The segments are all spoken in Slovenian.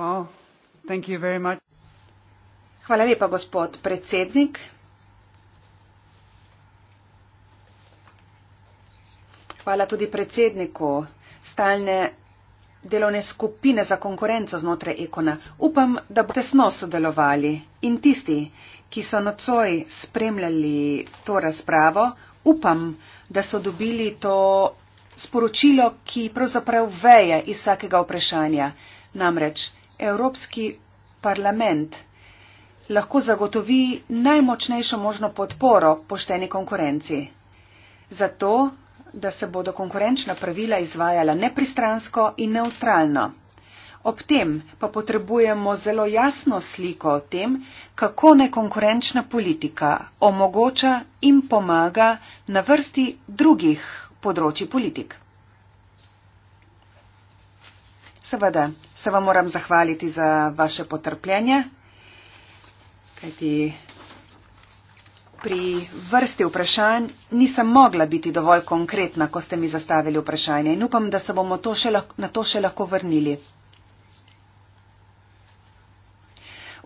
Hvala lepa, gospod predsednik. Hvala tudi predsedniku stalne delovne skupine za konkurenco znotraj Ekona. Upam, da boste tesno sodelovali in tisti, ki so nocoj spremljali to razpravo, upam, da so dobili to sporočilo, ki pravzaprav veje iz vsakega vprašanja. Namreč, Evropski parlament lahko zagotovi najmočnejšo možno podporo pošteni konkurenci. Zato, da se bodo konkurenčna pravila izvajala nepristransko in neutralno. Ob tem pa potrebujemo zelo jasno sliko o tem, kako nekonkurenčna politika omogoča in pomaga na vrsti drugih področji politik. Seveda, se vam moram zahvaliti za vaše potrpljenje, kajti pri vrsti vprašanj nisem mogla biti dovolj konkretna, ko ste mi zastavili vprašanje in upam, da se bomo to še, na to še lahko vrnili.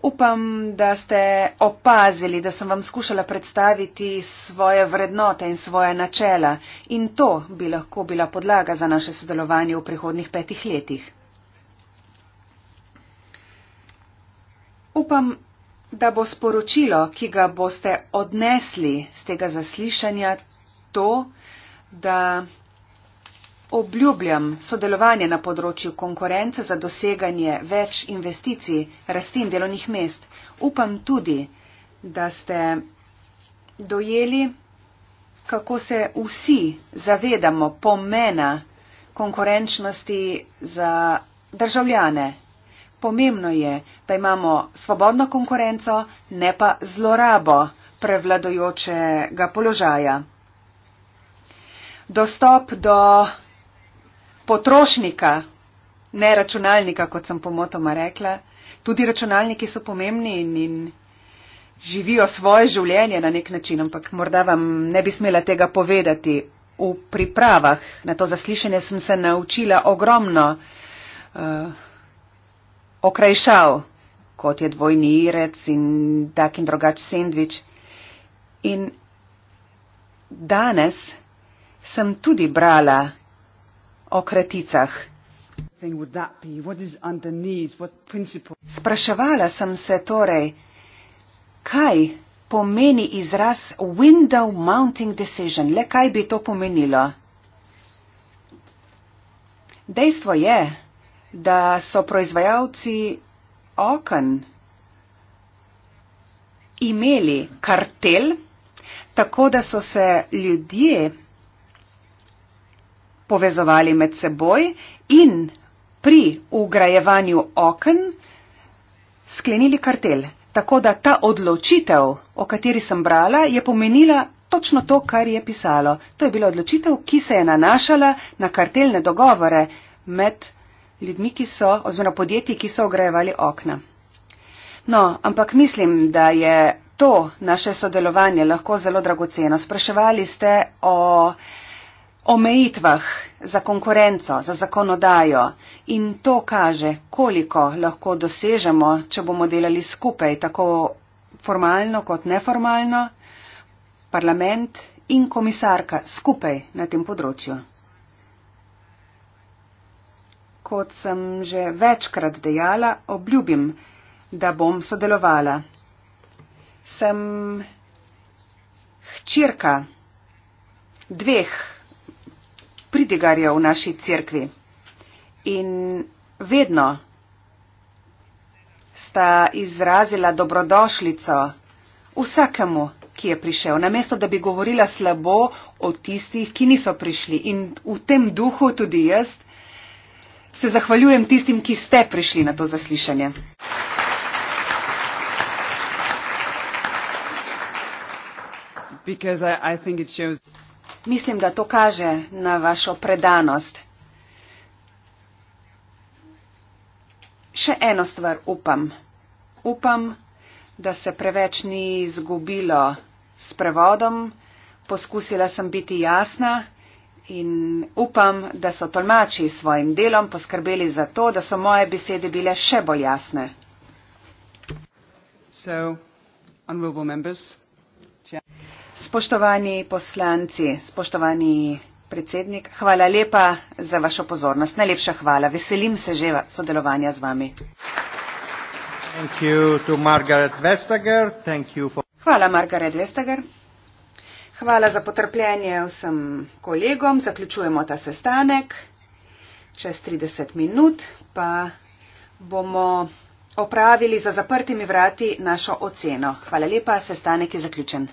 Upam, da ste opazili, da sem vam skušala predstaviti svoje vrednote in svoje načela in to bi lahko bila podlaga za naše sodelovanje v prihodnih petih letih. Upam, da bo sporočilo, ki ga boste odnesli z tega zaslišanja, to, da obljubljam sodelovanje na področju konkurence za doseganje več investicij, rasti in delovnih mest. Upam tudi, da ste dojeli, kako se vsi zavedamo pomena konkurenčnosti za državljane Pomembno je, da imamo svobodno konkurenco, ne pa zlorabo prevladojočega položaja. Dostop do potrošnika, ne računalnika, kot sem pomotoma rekla. Tudi računalniki so pomembni in, in živijo svoje življenje na nek način, ampak morda vam ne bi smela tega povedati. V pripravah na to zaslišanje sem se naučila ogromno. Uh, okrajšal, kot je dvojni irec in tak in drugač sendvič. In danes sem tudi brala o kraticah. Spraševala sem se torej, kaj pomeni izraz window mounting decision, le kaj bi to pomenilo. Dejstvo je, da so proizvajalci okon imeli kartel, tako da so se ljudje povezovali med seboj in pri ugrajevanju okon sklenili kartel. Tako da ta odločitev, o kateri sem brala, je pomenila točno to, kar je pisalo. To je bila odločitev, ki se je nanašala na kartelne dogovore med ljudmi, ki so, oziroma podjetji, ki so ogrejevali okna. No, ampak mislim, da je to naše sodelovanje lahko zelo dragoceno. Spraševali ste o omejitvah za konkurenco, za zakonodajo in to kaže, koliko lahko dosežemo, če bomo delali skupaj, tako formalno kot neformalno, parlament in komisarka skupaj na tem področju kot sem že večkrat dejala, obljubim, da bom sodelovala. Sem hčerka dveh pridigarjev v naši cerkvi in vedno sta izrazila dobrodošlico vsakemu, ki je prišel, namesto da bi govorila slabo o tistih, ki niso prišli. In v tem duhu tudi jaz se zahvaljujem tistim, ki ste prišli na to zaslišanje. I, I shows... Mislim, da to kaže na vašo predanost. Še eno stvar upam. Upam, da se preveč ni izgubilo s prevodom. Poskusila sem biti jasna. In upam, da so tolmači s svojim delom poskrbeli za to, da so moje besede bile še bolj jasne. So, members, spoštovani poslanci, spoštovani predsednik, hvala lepa za vašo pozornost. Najlepša hvala. Veselim se že sodelovanja z vami. Hvala, Margaret Vestager. Hvala za potrpljenje vsem kolegom. Zaključujemo ta sestanek. Čez 30 minut pa bomo opravili za zaprtimi vrati našo oceno. Hvala lepa, sestanek je zaključen.